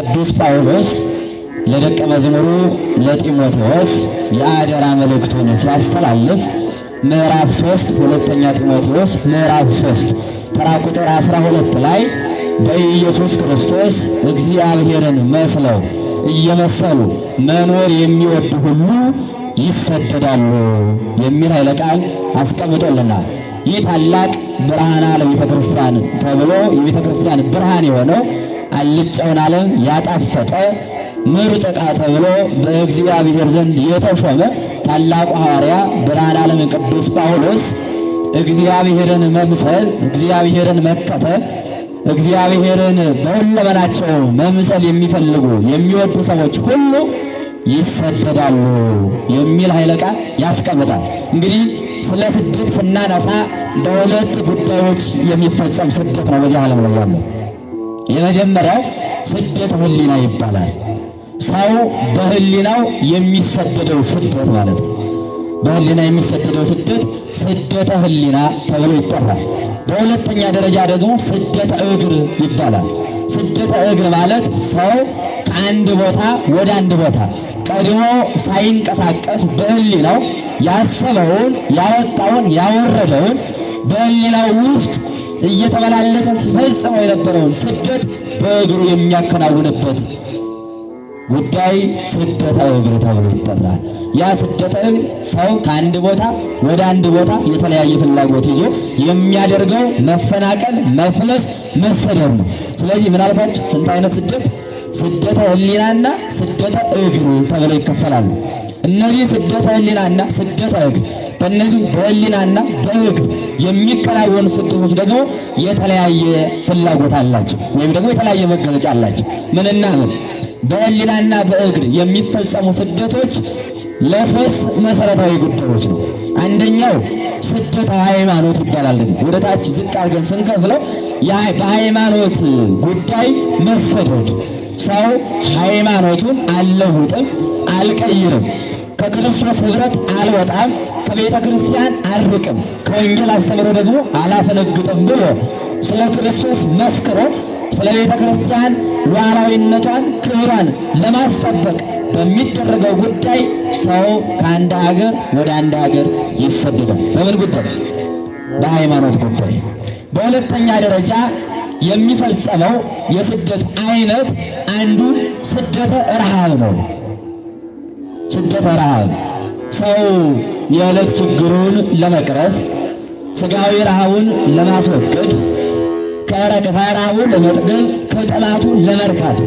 ቅዱስ ጳውሎስ ለደቀ መዝሙሩ ለጢሞቴዎስ የአደራ መልእክቱን ሲያስተላልፍ ምዕራፍ 3 ሁለተኛ ጢሞቴዎስ ምዕራፍ 3 ተራ ቁጥር 12 ላይ በኢየሱስ ክርስቶስ እግዚአብሔርን መስለው እየመሰሉ መኖር የሚወዱ ሁሉ ይሰደዳሉ የሚል ኃይለ ቃል አስቀምጦልናል። ይህ ታላቅ ብርሃነ ለቤተ ክርስቲያን ተብሎ የቤተ ክርስቲያን ብርሃን የሆነው አልጫውን ዓለም ያጣፈጠ ምርጥ ዕቃ ተብሎ በእግዚአብሔር ዘንድ የተሾመ ታላቁ ሐዋርያ ብርሃን ዓለም ቅዱስ ጳውሎስ እግዚአብሔርን መምሰል፣ እግዚአብሔርን መከተል፣ እግዚአብሔርን በሁለመናቸው መምሰል የሚፈልጉ የሚወዱ ሰዎች ሁሉ ይሰደዳሉ የሚል ኃይለ ቃል ያስቀምጣል። እንግዲህ ስለ ስደት ስናነሳ በሁለት ጉዳዮች የሚፈጸም ስደት ነው በዚህ ዓለም ላይ ያለው የመጀመሪያው ስደት ህሊና ይባላል። ሰው በህሊናው የሚሰደደው ስደት ማለት ነው። በህሊና የሚሰደደው ስደት ስደተ ህሊና ተብሎ ይጠራል። በሁለተኛ ደረጃ ደግሞ ስደተ እግር ይባላል። ስደተ እግር ማለት ሰው ከአንድ ቦታ ወደ አንድ ቦታ ቀድሞ ሳይንቀሳቀስ በህሊናው ያሰበውን ያወጣውን ያወረደውን በህሊናው ውስጥ እየተመላለሰ ሲፈጽመው የነበረውን ስደት በእግሩ የሚያከናውንበት ጉዳይ ስደተ እግር ተብሎ ይጠራል። ያ ስደተ እግር ሰው ከአንድ ቦታ ወደ አንድ ቦታ የተለያየ ፍላጎት ይዞ የሚያደርገው መፈናቀል፣ መፍለስ፣ መሰደር ነው። ስለዚህ ምን አልኳችሁ? ስንት አይነት ስደት ስደተ ህሊናና ስደተ እግር ተብለው ይከፈላሉ። እነዚህ ስደተ ህሊናና ስደተ እግር በእነዚህ በሕሊናና በእግር የሚከናወኑ ስደቶች ደግሞ የተለያየ ፍላጎት አላቸው፣ ወይም ደግሞ የተለያየ መገለጫ አላቸው። ምንና ምን? በሕሊናና በእግር የሚፈጸሙ ስደቶች ለሶስት መሰረታዊ ጉዳዮች ነው። አንደኛው ስደት ሃይማኖት ይባላል። ወደ ታች ዝቅ አድርገን ስንከፍለው በሃይማኖት ጉዳይ መሰደድ ሰው ሃይማኖቱን አልለውጥም፣ አልቀይርም፣ ከክርስቶስ ህብረት አልወጣም ከቤተ ክርስቲያን አርቅም ከወንጌል አስተምሮ ደግሞ አላፈነግጥም ብሎ ስለ ክርስቶስ መስክሮ ስለ ቤተ ክርስቲያን ሉዓላዊነቷን ክብሯን ለማስጠበቅ በሚደረገው ጉዳይ ሰው ከአንድ ሀገር ወደ አንድ ሀገር ይሰደዳል። በምን ጉዳይ? በሃይማኖት ጉዳይ። በሁለተኛ ደረጃ የሚፈጸመው የስደት አይነት አንዱ ስደተ ረሃብ ነው። ስደተ ረሃብ ሰው የዕለት ችግሩን ለመቅረፍ፣ ስጋዊ ረሃቡን ለማስወገድ፣ ከረሃቡ ለመጥገብ፣ ከጠላቱ ለመርካት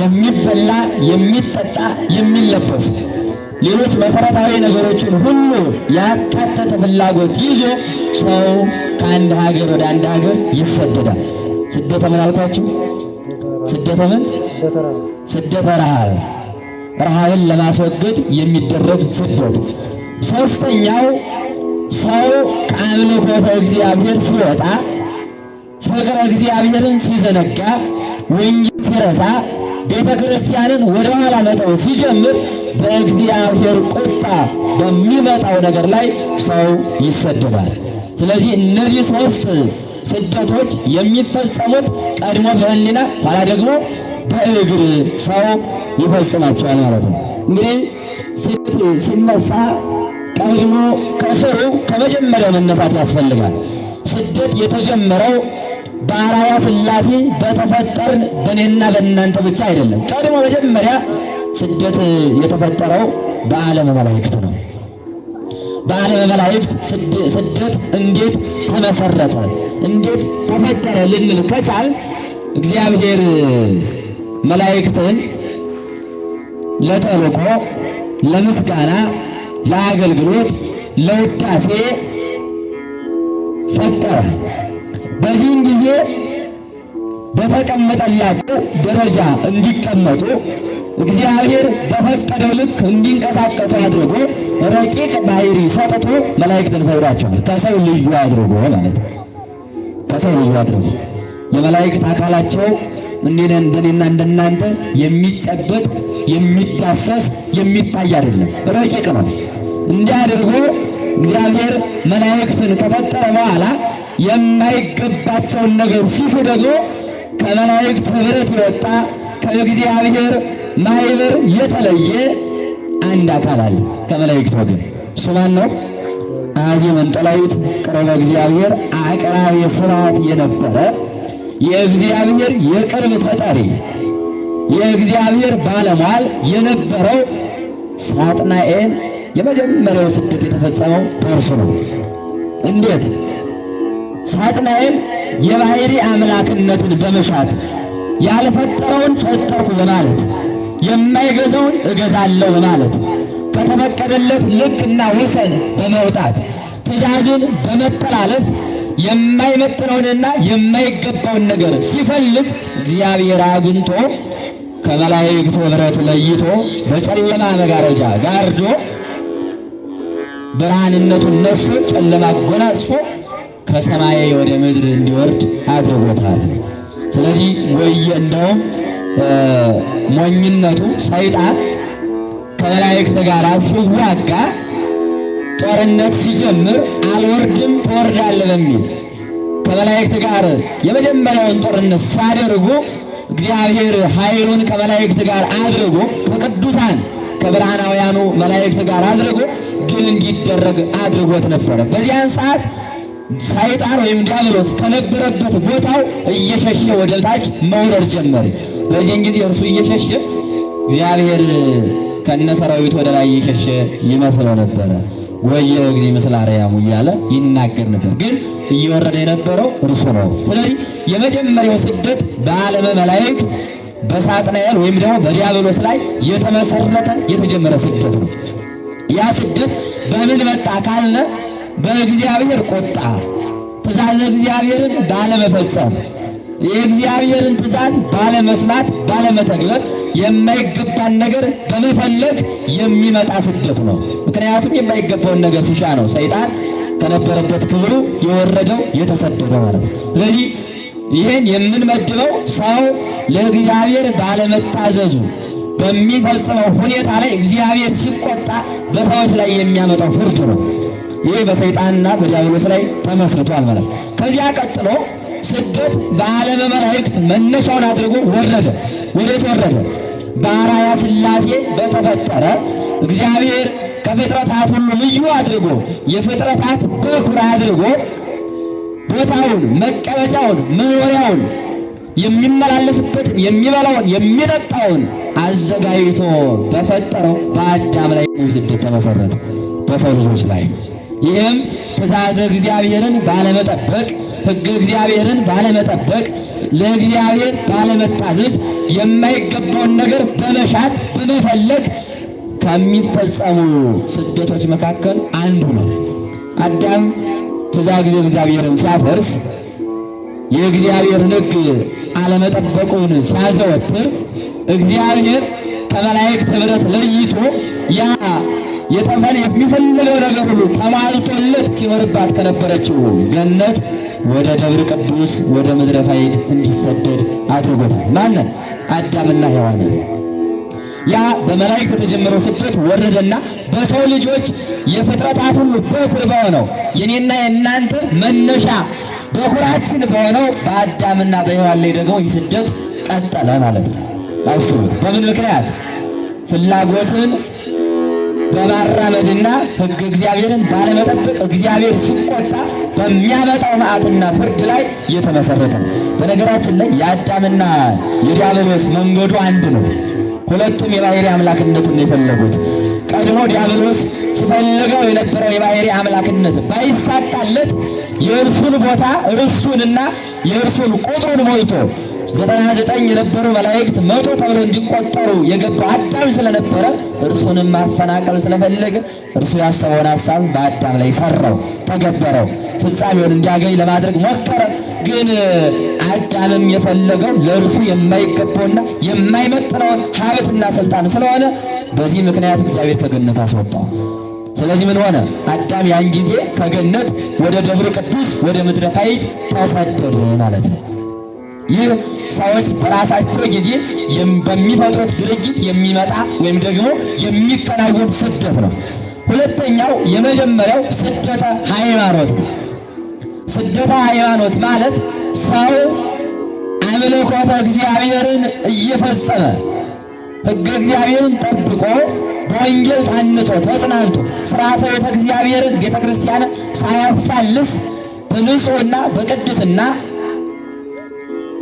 የሚበላ የሚጠጣ የሚለበስ ሌሎች መሰረታዊ ነገሮችን ሁሉ ያካተተ ፍላጎት ይዞ ሰው ከአንድ ሀገር ወደ አንድ ሀገር ይሰደዳል። ስደተ ምን አልኳችሁ? ስደተ ምን? ስደተ ረሃብ፣ ረሃብን ለማስወገድ የሚደረግ ስደት ሶስተኛው ሰው ከአምልኮተ እግዚአብሔር ሲወጣ ፍቅረ እግዚአብሔርን ሲዘነጋ ወንጌል ሲረሳ ቤተ ክርስቲያንን ወደ ኋላ መጠው ሲጀምር በእግዚአብሔር ቁጣ በሚመጣው ነገር ላይ ሰው ይሰደባል። ስለዚህ እነዚህ ሶስት ስደቶች የሚፈጸሙት ቀድሞ በህሊና ኋላ ደግሞ በእግር ሰው ይፈጽማቸዋል ማለት ነው። እንግዲህ ስደት ሲነሳ ቀድሞ ከስሩ ከመጀመሪያው መነሳት ያስፈልጋል። ስደት የተጀመረው በአራያ ሥላሴ በተፈጠርን በእኔና በእናንተ ብቻ አይደለም። ቀድሞ መጀመሪያ ስደት የተፈጠረው በዓለመ መላእክት ነው። በዓለመ መላእክት ስደት እንዴት ተመሰረተ፣ እንዴት ተፈጠረ ልንል ከቻል እግዚአብሔር መላእክትን ለተልእኮ ለምስጋና ለአገልግሎት ለውዳሴ ፈጠረ። በዚህም ጊዜ በተቀመጠላቸው ደረጃ እንዲቀመጡ እግዚአብሔር በፈቀደው ልክ እንዲንቀሳቀሱ አድርጎ ረቂቅ ባህሪ ሰጥቶ መላእክትን ፈጥሯቸዋል። ከሰው ልዩ አድርጎ ማለት ከሰው ልዩ አድርጎ የመላእክት አካላቸው እንዴነ እንደኔና እንደናንተ የሚጨበጥ የሚዳሰስ የሚታይ አይደለም፣ ረቂቅ ነው። እንዲያደርጉ እግዚአብሔር መላእክትን ከፈጠረ በኋላ የማይገባቸውን ነገር ሲሹ ደግሞ ከመላእክት ኅብረት የወጣ ከእግዚአብሔር ማህበር የተለየ አንድ አካል አለ። ከመላእክት ወገን እሱ ማን ነው? አዚ መንጠላዊት ቅርበ እግዚአብሔር አቅራቢ ስርዓት የነበረ የእግዚአብሔር የቅርብ ተጠሪ የእግዚአብሔር ባለሟል የነበረው ሳጥናኤል የመጀመሪያው ስደት የተፈጸመው በእርሱ ነው። እንዴት? ሳጥናኤል የባህሪ አምላክነትን በመሻት ያልፈጠረውን ፈጠርኩ በማለት የማይገዛውን እገዛለሁ በማለት ከተፈቀደለት ልክና ወሰን በመውጣት ትእዛዙን በመተላለፍ የማይመጥነውንና የማይገባውን ነገር ሲፈልግ እግዚአብሔር አግኝቶ ከመላእክት ኅብረት ለይቶ በጨለማ መጋረጃ ጋርዶ ብርሃንነቱን ነፍሱን ጨለማ አጎናጽፎ ከሰማይ ወደ ምድር እንዲወርድ አድርጎታል። ስለዚህ ወየ እንደውም ሞኝነቱ ሰይጣን ከመላእክት ጋር ሲዋጋ ጦርነት ሲጀምር አልወርድም ትወርዳለህ በሚል ከመላእክት ጋር የመጀመሪያውን ጦርነት ሲያደርጉ እግዚአብሔር ኃይሉን ከመላእክት ጋር አድርጎ ከቅዱሳን ከብርሃናውያኑ መላእክት ጋር አድርጎ እንዲደረግ አድርጎት ነበረ። በዚያን ሰዓት ሰይጣን ወይም ዲያብሎስ ከነበረበት ቦታው እየሸሸ ወደ ታች መውረድ ጀመረ። በዚህን ጊዜ እርሱ እየሸሸ እግዚአብሔር ከነሰራዊት ወደ ላይ እየሸሸ ይመስለው ነበረ። ወየ ጊዜ ምስለ አርያሙ እያለ ይናገር ነበር፣ ግን እየወረደ የነበረው እርሱ ነው። ስለዚህ የመጀመሪያው ስደት በዓለመ መላእክት በሳጥናኤል ወይም ደግሞ በዲያብሎስ ላይ የተመሰረተ የተጀመረ ስደት ነው። ያ ስድብ በምን መጣ ካልነ በእግዚአብሔር ቁጣ ትእዛዝ እግዚአብሔርን ባለመፈጸም የእግዚአብሔርን ትእዛዝ ባለመስማት ባለመተግበር የማይገባን ነገር በመፈለግ የሚመጣ ስደት ነው። ምክንያቱም የማይገባውን ነገር ሲሻ ነው ሰይጣን ከነበረበት ክብሩ የወረደው የተሰደደ ማለት ነው። ስለዚህ ይህን የምንመድበው ሰው ለእግዚአብሔር ባለመታዘዙ በሚፈጽመው ሁኔታ ላይ እግዚአብሔር ሲቆጣ በሰዎች ላይ የሚያመጣው ፍርድ ነው። ይህ በሰይጣንና በዲያብሎስ ላይ ተመስርቷል ማለት። ከዚያ ቀጥሎ ስደት በዓለመ መላእክት መነሻውን አድርጎ ወረደ። ወዴት ወረደ? በአራያ ሥላሴ በተፈጠረ እግዚአብሔር ከፍጥረታት ሁሉ ልዩ አድርጎ የፍጥረታት በኩር አድርጎ ቦታውን መቀመጫውን መኖሪያውን የሚመላለስበትን የሚበላውን የሚጠጣውን አዘጋጅቶ በፈጠረው በአዳም ላይ ስደት ተመሰረተ፣ በሰው ልጆች ላይ ይህም ትእዛዘ እግዚአብሔርን ባለመጠበቅ ህግ እግዚአብሔርን ባለመጠበቅ ለእግዚአብሔር ባለመታዘዝ የማይገባውን ነገር በመሻት በመፈለግ ከሚፈጸሙ ስደቶች መካከል አንዱ ነው። አዳም ትእዛዝ እግዚአብሔርን ሲያፈርስ የእግዚአብሔርን ሕግ አለመጠበቁን ሲያዘወትር እግዚአብሔር ከመላእክት ኅብረት ለይቶ ያ የተፈል የሚፈልገው ነገር ሁሉ ተሟልቶለት ሲኖርባት ከነበረችው ገነት ወደ ደብር ቅዱስ ወደ ምድረ ፋይድ እንዲሰደድ አድርጎታል። ማንን? አዳምና ሔዋንን። ያ በመላእክት የተጀመረው ስደት ወረደና በሰው ልጆች የፍጥረታት ሁሉ በኩር በሆነው የኔና የእናንተ መነሻ በኩራችን በሆነው በአዳምና በሔዋን ላይ ደግሞ ይህ ስደት ቀጠለ ማለት ነው። አስቡት። በምን ምክንያት ፍላጎትን በማራመድና ሕግ እግዚአብሔርን ባለመጠበቅ እግዚአብሔር ሲቆጣ በሚያመጣው መዓትና ፍርድ ላይ እየተመሰረተ ነው። በነገራችን ላይ የአዳምና የዲያብሎስ መንገዱ አንድ ነው። ሁለቱም የባህሪ አምላክነትን ነው የፈለጉት። ቀድሞ ዲያብሎስ ሲፈልገው የነበረው የባህሪ አምላክነት ባይሳካለት የእርሱን ቦታ ርሱንና የእርሱን ቁጥሩን ሞልቶ ዘጠና ዘጠኝ የነበሩ መላእክት መቶ ተብለው እንዲቆጠሩ የገባው አዳም ስለነበረ እርሱንም ማፈናቀል ስለፈለገ እርሱ ያሰበውን ሀሳብ በአዳም ላይ ሰራው፣ ተገበረው፣ ፍጻሜውን እንዲያገኝ ለማድረግ ሞከረ። ግን አዳምም የፈለገው ለእርሱ የማይገባውና የማይመጥነውን ሀብትና ስልጣን ስለሆነ በዚህ ምክንያት እግዚአብሔር ከገነት አስወጣው። ስለዚህ ምን ሆነ? አዳም ያን ጊዜ ከገነት ወደ ደብረ ቅዱስ ወደ ምድረ ፋይድ ተሰደደ ማለት ነው። ይህ ሰዎች በራሳቸው ጊዜ በሚፈጥሩት ድርጊት የሚመጣ ወይም ደግሞ የሚከናወን ስደት ነው። ሁለተኛው የመጀመሪያው ስደተ ሃይማኖት ነው። ስደተ ሃይማኖት ማለት ሰው አምልኮተ እግዚአብሔርን እየፈጸመ ሕገ እግዚአብሔርን ጠብቆ በወንጌል ታንጾ ተጽናንቶ ስርዓተ ቤተ እግዚአብሔርን ቤተ ክርስቲያንን ሳያፋልስ በንጹሕና በቅድስና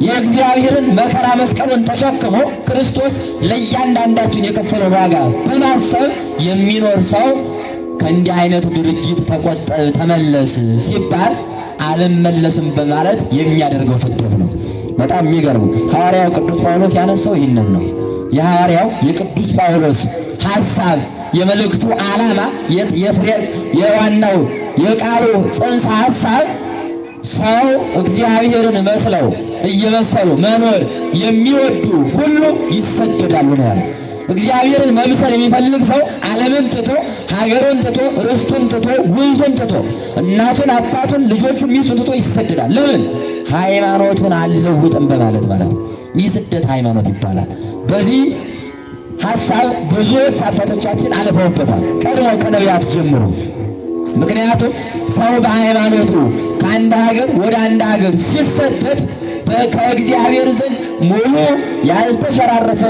የእግዚአብሔርን መከራ መስቀሉን ተሸክሞ ክርስቶስ ለእያንዳንዳችን የከፈለው ዋጋ በማሰብ የሚኖር ሰው ከእንዲህ አይነቱ ድርጊት ተመለስ ሲባል አልመለስም በማለት የሚያደርገው ስደት ነው። በጣም የሚገርሙ ሐዋርያው ቅዱስ ጳውሎስ ያነሳው ይህንን ነው። የሐዋርያው የቅዱስ ጳውሎስ ሐሳብ የመልእክቱ ዓላማ የዋናው የቃሉ ጽንሰ ሐሳብ ሰው እግዚአብሔርን መስለው እየመሰሉ መኖር የሚወዱ ሁሉ ይሰደዳሉ ነው ያለው። እግዚአብሔርን መምሰል የሚፈልግ ሰው ዓለምን ትቶ ሀገሩን ትቶ ርስቱን ትቶ ጉልቱን ትቶ እናቱን፣ አባቱን፣ ልጆቹን፣ ሚስቱን ትቶ ይሰደዳል። ለምን? ሃይማኖቱን አልለውጥም በማለት ማለት ነው። ይህ ስደት ሃይማኖት ይባላል። በዚህ ሀሳብ ብዙዎች አባቶቻችን አልፈውበታል፣ ቀድሞ ከነቢያት ጀምሮ። ምክንያቱም ሰው በሃይማኖቱ ከአንድ ሀገር ወደ አንድ ሀገር ሲሰደድ ከእግዚአብሔር ዘንድ ሙሉ ያልተሸራረፈ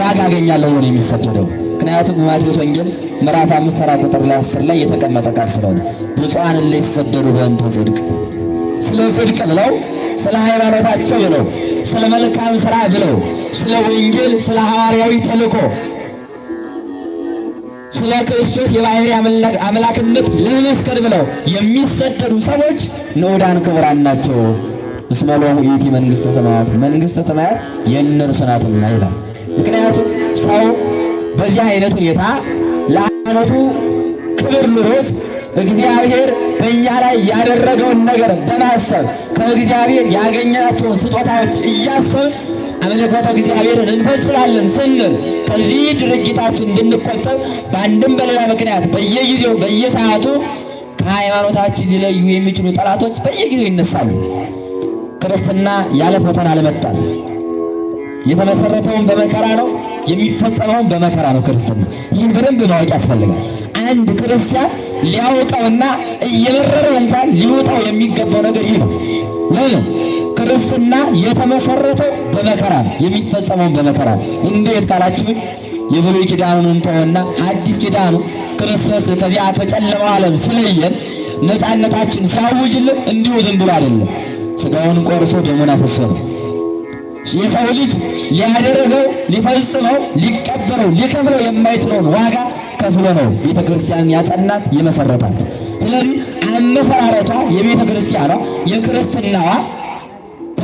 ዋጋ አገኛለሁ ነው የሚሰደደው። ምክንያቱም በማቴዎስ ወንጌል ምዕራፍ አምስት ተራ ቁጥር ላይ አስር ላይ የተቀመጠ ቃል ስለሆነ ብፁዓን እለ የተሰደዱ በእንተ ጽድቅ፣ ስለ ጽድቅ ብለው ስለ ሃይማኖታቸው ብለው ስለ መልካም ስራ ብለው ስለ ወንጌል ስለ ሐዋርያዊ ተልእኮ ስለ ክርስቶስ የባህሪ አምላክነት ለመመስከር ብለው የሚሰደዱ ሰዎች ንዑዳን ክቡራን ናቸው። እስመ ሎሙ ይእቲ መንግሥተ ሰማያት፣ መንግሥተ ሰማያት የእነርሱ ናትና ይላል። ምክንያቱም ሰው በዚህ አይነት ሁኔታ ለአነቱ ክብር ኑሮት እግዚአብሔር በእኛ ላይ ያደረገውን ነገር በማሰብ ከእግዚአብሔር ያገኘናቸውን ስጦታዎች እያሰብ አመለኮተ እግዚአብሔርን እንፈጽማለን ስንል ከዚህ ድርጅታችን እንድንቆጠብ በአንድም በሌላ ምክንያት በየጊዜው በየሰዓቱ ከሃይማኖታችን ሊለዩ የሚችሉ ጠላቶች በየጊዜው ይነሳሉ። ክርስትና ያለ ፈተና አልመጣም። የተመሰረተውን በመከራ ነው፣ የሚፈጸመውን በመከራ ነው። ክርስትና ይህን በደንብ ማወቅ ያስፈልጋል። አንድ ክርስቲያን ሊያውቀውና እየመረረው እንኳን ሊወጣው የሚገባው ነገር ይህ ነው። ለምን ክርስትና የተመሰረተው በመከራ የሚፈጸመውን በመከራ እንዴት ካላችሁ የብሉይ ኪዳኑን እንተውና አዲስ ኪዳኑ ክርስቶስ ከዚያ ከጨለማው ዓለም ስለየን ነፃነታችን ሲያውጅልን እንዲሁ ዝም ብሎ አይደለም። ስጋውን ቆርሶ ደሙን አፈሰሰ። የሰው ልጅ ሊያደረገው ሊፈጽመው ሊቀበለው ሊከፍለው የማይችለውን ዋጋ ከፍሎ ነው ቤተ ክርስቲያንን ያጸናት የመሰረታት። ስለዚህ አመሰራረቷ የቤተ ክርስቲያኗ የክርስትናዋ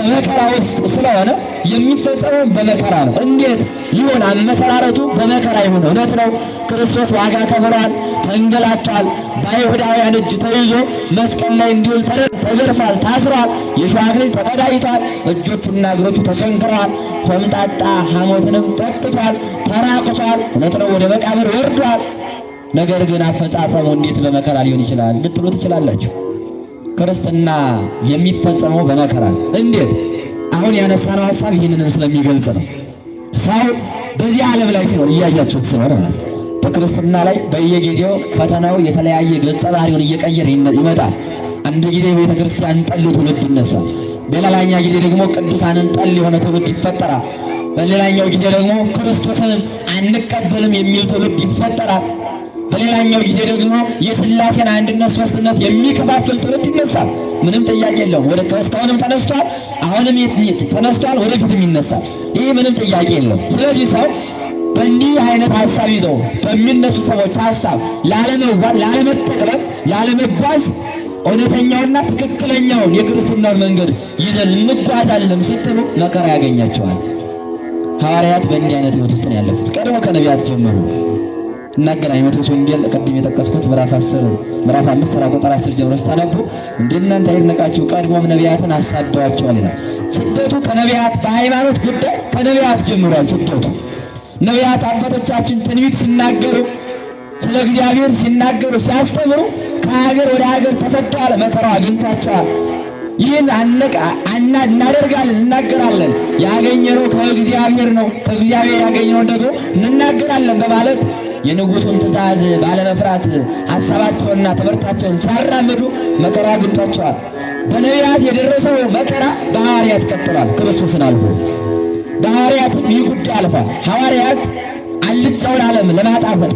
በመከራ ውስጥ ስለሆነ የሚፈጸመው በመከራ ነው። እንዴት ይሆን? አመሰራረቱ በመከራ ይሁን። እውነት ነው። ክርስቶስ ዋጋ ከፍሏል፣ ተንገላቷል፣ በአይሁዳውያን እጅ ተይዞ መስቀል ላይ እንዲውል ተዘርፏል፣ ታስሯል፣ የሾህ አክሊል ተቀዳጅቷል፣ እጆቹና እግሮቹ ተሰንክረዋል፣ ሆምጣጣ ሐሞትንም ጠጥቷል፣ ተራቅቷል። እውነት ነው። ወደ መቃብር ወርዷል። ነገር ግን አፈጻጸሙ እንዴት በመከራ ሊሆን ይችላል ልትሉ ትችላላችሁ። ክርስትና የሚፈጸመው በመከራ እንዴት? አሁን ያነሳነው ሀሳብ ይህንንም ስለሚገልጽ ነው። ሰው በዚህ ዓለም ላይ ሲኖር እያያችሁት ሲኖር ማለት በክርስትና ላይ በየጊዜው ፈተናው የተለያየ ገጸ ባህሪውን እየቀየረ ይመጣል። አንድ ጊዜ ቤተ ክርስቲያን ጠል ትውልድ ይነሳል። በሌላኛ ጊዜ ደግሞ ቅዱሳንን ጠል የሆነ ትውልድ ይፈጠራል። በሌላኛው ጊዜ ደግሞ ክርስቶስን አንቀበልም የሚል ትውልድ ይፈጠራል። በሌላኛው ጊዜ ደግሞ የስላሴን አንድነት ሶስትነት የሚከፋፍል ትውልድ ይነሳል። ምንም ጥያቄ የለውም። ወደ እስካሁንም ተነስቷል፣ አሁንም የትኝት ተነስቷል፣ ወደፊትም ይነሳል። ይህ ምንም ጥያቄ የለውም። ስለዚህ ሰው በእንዲህ አይነት ሀሳብ ይዘው በሚነሱ ሰዎች ሀሳብ ላለመጠቅለም ላለመጓዝ እውነተኛውና ትክክለኛውን የክርስትናን መንገድ ይዘን እንጓዛለን ስትሉ መከራ ያገኛቸዋል። ሐዋርያት በእንዲህ አይነት ሕይወት ውስጥ ነው ያለፉት። ቀድሞ ከነቢያት ጀምሩ እናገናኝ። ማቴዎስ ወንጌል ቅድም የጠቀስኩት ምዕራፍ 10 ምዕራፍ 5 ተራ ቁጥር 10 ጀምሮ ስታነቡ እንደናንተ አይድነቃችሁ ቀድሞም ነቢያትን አሳደዋቸዋል ይላል። ስደቱ ከነቢያት በሃይማኖት ጉዳይ ከነቢያት ጀምሯል። ስደቱ ነቢያት አባቶቻችን ትንቢት ሲናገሩ ስለ እግዚአብሔር ሲናገሩ ሲያስተምሩ ከሀገር ወደ ሀገር ተሰደዋል። መከራ አግኝቷቸዋል። ይህን አነቃ እናደርጋለን እናገራለን። ያገኘነው ከእግዚአብሔር ነው፣ ከእግዚአብሔር ያገኘነው ደግሞ እንናገራለን በማለት የንጉሱን ትእዛዝ ባለመፍራት ሀሳባቸውንና ትምህርታቸውን ሳራምዱ መከራ አግኝቷቸዋል። በነቢያት የደረሰው መከራ በሐዋርያት ቀጥሏል። ክርስቶስን አልፎ በሐዋርያትም ይህ ጉዳይ አልፏል። ሐዋርያት አልጫውን ዓለም ለማጣፈጥ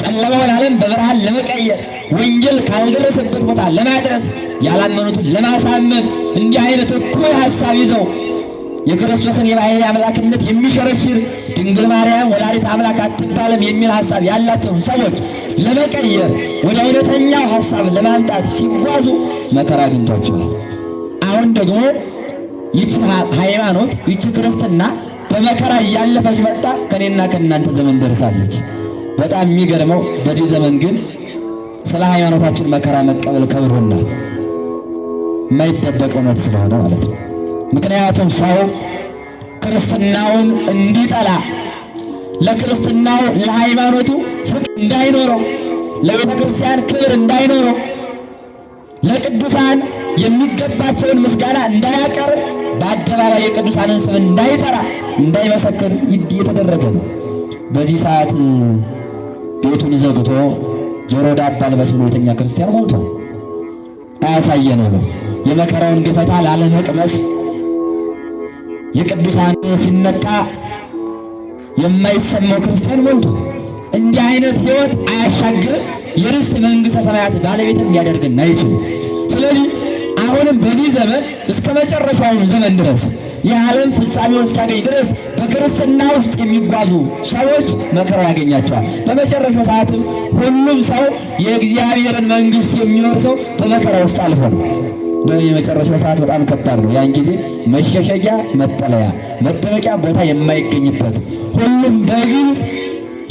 ጨለማውን ዓለም በብርሃን ለመቀየር ወንጌል ካልደረሰበት ቦታ ለማድረስ ያላመኑትን ለማሳመን እንዲህ አይነት እኩይ ሀሳብ ይዘው የክርስቶስን የባህል አምላክነት የሚሸረሽር ድንግል ማርያም ወላዲት አምላክ አትባልም የሚል ሀሳብ ያላቸውን ሰዎች ለመቀየር ወደ እውነተኛው ሀሳብ ለማምጣት ሲጓዙ መከራ አግኝቷቸዋል። አሁን ደግሞ ይቺ ሃይማኖት ይቺ ክርስትና በመከራ እያለፈች መጣ ከኔና ከእናንተ ዘመን ደርሳለች። በጣም የሚገርመው በዚህ ዘመን ግን ስለ ሃይማኖታችን መከራ መቀበል ከብሮናል። የማይደበቅ እውነት ስለሆነ ማለት ነው። ምክንያቱም ሰው ክርስትናውን እንዲጠላ ለክርስትናው ለሃይማኖቱ ፍቅር እንዳይኖረው ለቤተ ክርስቲያን ክብር እንዳይኖረው ለቅዱሳን የሚገባቸውን ምስጋና እንዳያቀርብ በአደባባይ የቅዱሳንን ስም እንዳይጠራ እንዳይመሰክር የተደረገ ነው። በዚህ ሰዓት ቤቱን ዘግቶ ጆሮ ዳባ ልበስ ብሎ የተኛ ክርስቲያን ሞልቶ አያሳየነው ነው የመከራውን ገፈታ ላለመቅመስ የቅዱሳን ሲነካ የማይሰማው ክርስቲያን ሞልቶ እንዲህ አይነት ህይወት አያሻግርም። የርስ መንግሥተ ሰማያት ባለቤትም ሊያደርግን አይችልም። ስለዚህ አሁንም በዚህ ዘመን እስከ መጨረሻውን ዘመን ድረስ የዓለም ፍጻሜውን እስኪያገኝ ድረስ በክርስትና ውስጥ የሚጓዙ ሰዎች መከራ ያገኛቸዋል። በመጨረሻው ሰዓትም ሁሉም ሰው የእግዚአብሔርን መንግሥት የሚወርሰው በመከራ ውስጥ አልፎ ነው። የመጨረሻው ሰዓት በጣም ከባድ ነው። ያን ጊዜ መሸሸጊያ፣ መጠለያ፣ መደበቂያ ቦታ የማይገኝበት ሁሉም በግልጽ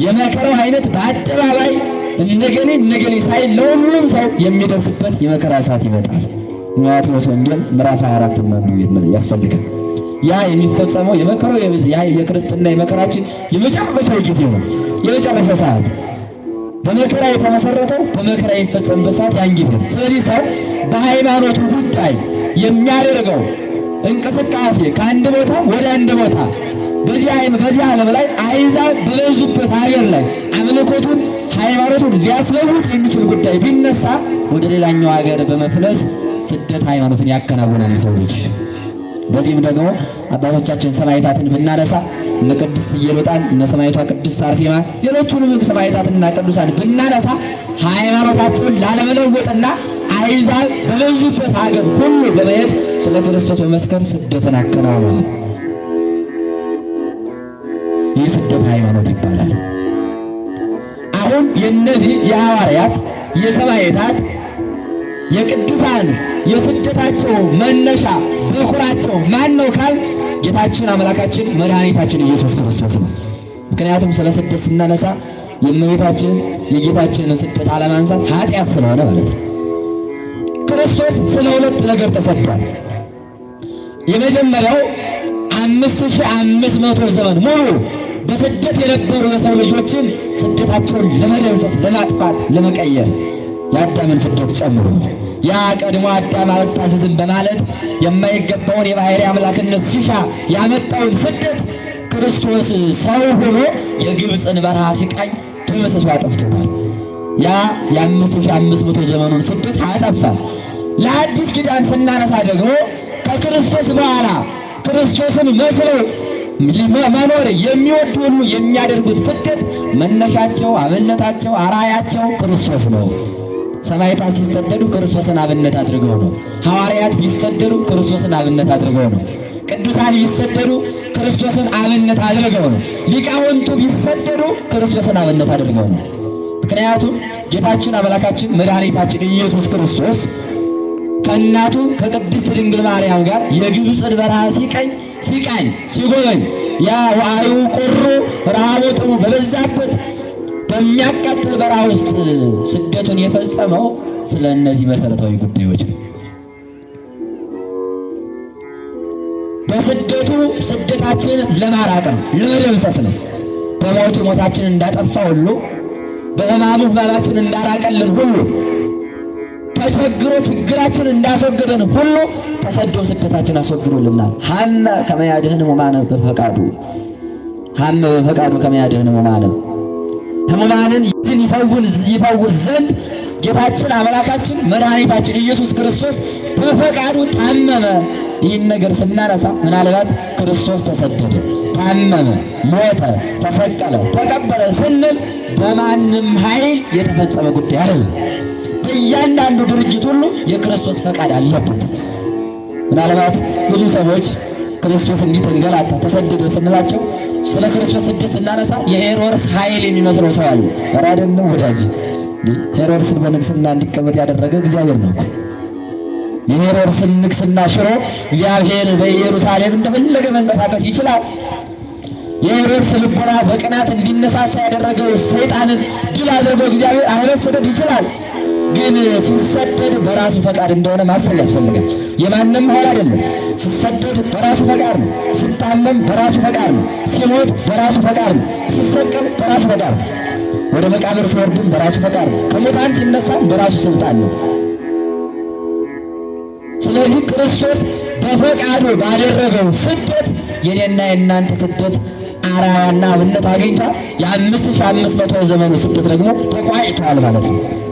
የመከራው አይነት በአደባባይ እነገሌ እነገሌ ሳይል ለሁሉም ሰው የሚደርስበት የመከራ ሰዓት ይመጣል። ማቴዎስ ወንጌል ምዕራፍ 24 ማንበብ ያስፈልጋል። ያ የሚፈጸመው የመከራው የክርስትና የመከራችን የመጨረሻው ጊዜ ነው፣ የመጨረሻው ሰዓት በመከራ የተመሰረተው በመከራ የሚፈጸምበት ሰዓት ያን ጊዜ ነው። ስለዚህ ሰው በሃይማኖቱ ጉዳይ የሚያደርገው እንቅስቃሴ ከአንድ ቦታ ወደ አንድ ቦታ በዚህ አይን በዚህ ዓለም ላይ አሕዛብ በበዙበት አየር ላይ አምልኮቱን ሃይማኖቱን ሊያስለውጥ የሚችል ጉዳይ ቢነሳ ወደ ሌላኛው ሀገር በመፍለስ ስደት ሃይማኖትን ያከናውናል የሰው ልጅ። በዚህም ደግሞ አባቶቻችን ሰማዕታትን ብናነሳ እነ ቅዱስ ኢየሉጣን እነ ሰማዕቷ ቅድስት አርሴማ ሌሎቹንም ቅዱሳን ብናነሳ ሃይማኖታቸውን ላለመለወጥና አይዛብ በበዙበት ሀገር ሁሉ በመሄድ ስለ ክርስቶስ በመስከር ስደትን አከናውነዋል። ይህ ስደት ሃይማኖት ይባላል። አሁን የእነዚህ የሐዋርያት የሰማይታት የቅዱሳን የስደታቸው መነሻ በኩራቸው ማን ነው ካል ጌታችን አምላካችን መድኃኒታችን ኢየሱስ ክርስቶስ ነው። ምክንያቱም ስለ ስደት ስናነሳ የእመቤታችንን የጌታችንን ስደት አለማንሳት ኃጢአት ስለሆነ ማለት ነው። ክርስቶስ ስለ ሁለት ነገር ተሰዷል። የመጀመሪያው አምስት ሺህ አምስት መቶ ዘመን ሙሉ በስደት የነበሩ የሰው ልጆችን ስደታቸውን ለመደምሰስ፣ ለማጥፋት፣ ለመቀየር የአዳምን ስኬት ጨምሩ። ያ ቀድሞ አዳም አወጣዘዝም በማለት የማይገባውን የባህሪ አምላክነት ሲሻ ያመጣውን ስደት ክርስቶስ ሰው ሆኖ የግብፅን በረሃ ሲቃኝ ደምስሶ አጠፍቶታል። ያ የአምስት ሺህ አምስት መቶ ዘመኑን ስደት አጠፋል። ለአዲስ ኪዳን ስናነሳ ደግሞ ከክርስቶስ በኋላ ክርስቶስን መስለው መኖር የሚወዱ ሁሉ የሚያደርጉት ስደት መነሻቸው፣ አብነታቸው፣ አራያቸው ክርስቶስ ነው። ሰማዕታት ሲሰደዱ ክርስቶስን አብነት አድርገው ነው። ሐዋርያት ቢሰደዱ ክርስቶስን አብነት አድርገው ነው። ቅዱሳን ቢሰደዱ ክርስቶስን አብነት አድርገው ነው። ሊቃውንቱ ቢሰደዱ ክርስቶስን አብነት አድርገው ነው። ምክንያቱም ጌታችን አምላካችን መድኃኒታችን ኢየሱስ ክርስቶስ ከእናቱ ከቅድስት ድንግል ማርያም ጋር የግብፅን በረሃ ሲቀኝ ሲቃኝ ሲጎበኝ ያ ዋዩ ቁሩ ረሃቦቱ በበዛበት በሚያቃጥል በረሃ ውስጥ ስደቱን የፈጸመው ስለ እነዚህ መሰረታዊ ጉዳዮች ነው። በስደቱ ስደታችን ለማራቅ ነው፣ ለመደምሰስ ነው። በሞቱ ሞታችን እንዳጠፋ ሁሉ በሕማሙ ሕማማችንን እንዳራቀልን ሁሉ ተቸግሮ ችግራችን እንዳስወገደን ሁሉ ተሰዶን ስደታችን አስወግዶልናል። ሀመ ከመያድህን ሙማነ በፈቃዱ ሀመ በፈቃዱ ከመያድህን ሙማነ ህሙማንን ይህን ይፈውስ ዘንድ ጌታችን አምላካችን መድኃኒታችን ኢየሱስ ክርስቶስ በፈቃዱ ታመመ። ይህን ነገር ስናነሳ ምናልባት ክርስቶስ ተሰደደ፣ ታመመ፣ ሞተ፣ ተሰቀለ፣ ተቀበለ ስንል በማንም ኃይል የተፈጸመ ጉዳይ አይደለም። በእያንዳንዱ ድርጊት ሁሉ የክርስቶስ ፈቃድ አለበት። ምናልባት ብዙ ሰዎች ክርስቶስ እንዲህ ተንገላታ፣ ተሰደደ ስንላቸው ስለ ክርስቶስ ስደት ስናነሳ የሄሮድስ ኃይል የሚመስለው ሰው አለ። ኧረ አይደለም ወዳጅ፣ ሄሮድስን በንግስና እንዲቀመጥ ያደረገ እግዚአብሔር ነው። የሄሮድስን ንግስና ሽሮ እግዚአብሔር በኢየሩሳሌም እንደፈለገ መንቀሳቀስ ይችላል። የሄሮድስ ልቦና በቅናት እንዲነሳሳ ያደረገው ሰይጣንን ድል አድርጎ እግዚአብሔር አይረስደድ ይችላል። ግን ሲሰደድ በራሱ ፈቃድ እንደሆነ ማሰብ ያስፈልጋል። የማንም ኃይል አይደለም። ሲሰደድ በራሱ ፈቃድ ነው። ሲታመም በራሱ ፈቃድ ነው። ሲሞት በራሱ ፈቃድ ነው። ሲሰቀል በራሱ ፈቃድ ነው። ወደ መቃብር ሲወርድም በራሱ ፈቃድ ነው። ከሙታን ሲነሳም በራሱ ስልጣን ነው። ስለዚህ ክርስቶስ በፈቃዱ ባደረገው ስደት የኔና የእናንተ ስደት አራያና አብነት አግኝቷል። የአምስት ሺህ አምስት መቶ ዘመኑ ስደት ደግሞ ተቋጭተዋል ማለት ነው።